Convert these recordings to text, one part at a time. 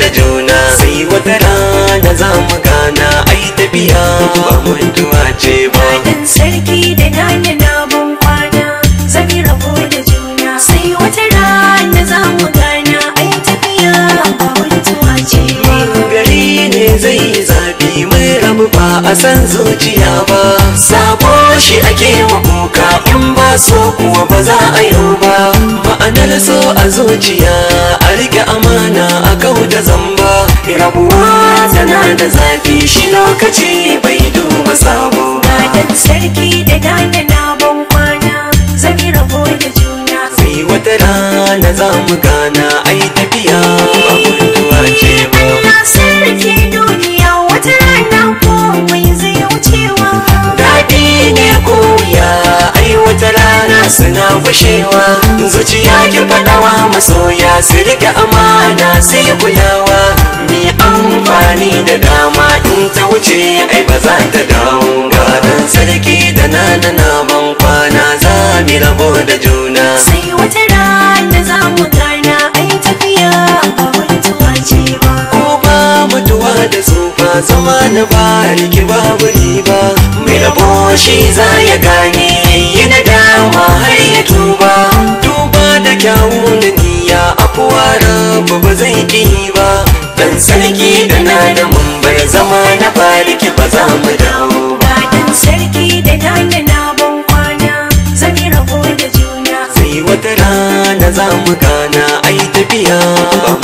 da juna sai wata rana za mu gana ai tafiya ba tuwa ce ba dan sarki da nanya na ban kwana zami rabu da juna sai wata rana za mu gana ai tafiya ba tuwa ce ba gari ne zai zafi mai rabu ba a san zuciya ba sabo shi ake wa kuka in ba so kuwa ba za a yi ba ma'anar so a zuciya a rike amana a zamba zamba rabuwa tana da zafi shi lokaci bai duba sabo da sarki da dana na ban kwana zami rabo da juna sai wata rana za mu gana aiki suna fushewa. zuciya ki fadawa masoya su rika amana sai kulawa mi amfani da dama in ta wuce ai ba za ta dawo gadon sarki da nana na ban kwana za mu rabo da juna sai wata rana za mu gana ai tafiya ba wani ce ba ko ba mutuwa da tsufa zama na ba ki babu riba mai rabo shi za ya gana ni ba dan sarki da na da mumbar bar zama na bariki ba za mu dawo ba dan sarki da na da na ban kwana zan yi rabo da juna sai wata rana za mu gana ai tafiya ba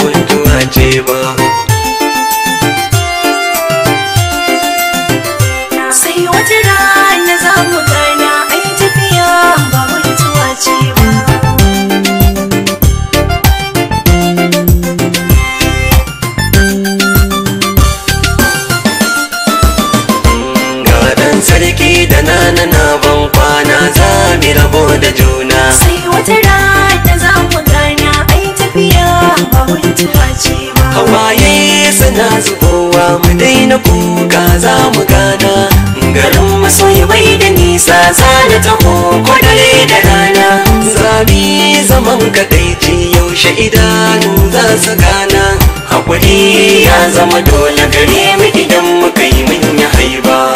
hawaye suna zubowa mu daina kuka za mu gana garin masoyi da nisa za na taho kwadare da rana zabi zaman kadaici yaushe idanu za su gana hakuri ya zama dole gare mu idan muka yi mun haiba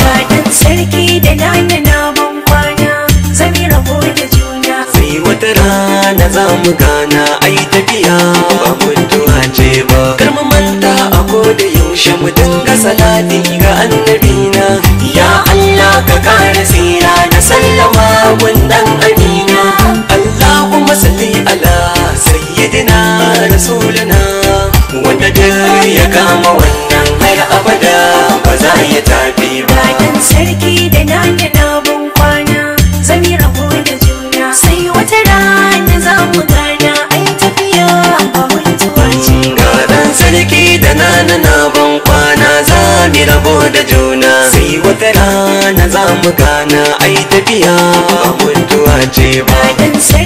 sarki da nana na ban kwana zami rabo da juna sai wata rana za mu gana ai tafiya kama wannan har abada ba za ya tafi ba dan sarki da na da kwana, zan yi rabo da juna sai wata rana za mu gana ai tafiya ba mutuwa ga dan sarki da nana na da nabun kwana zami rabo da juna sai wata rana za mu gana ai tafiya ba mutuwa ce ba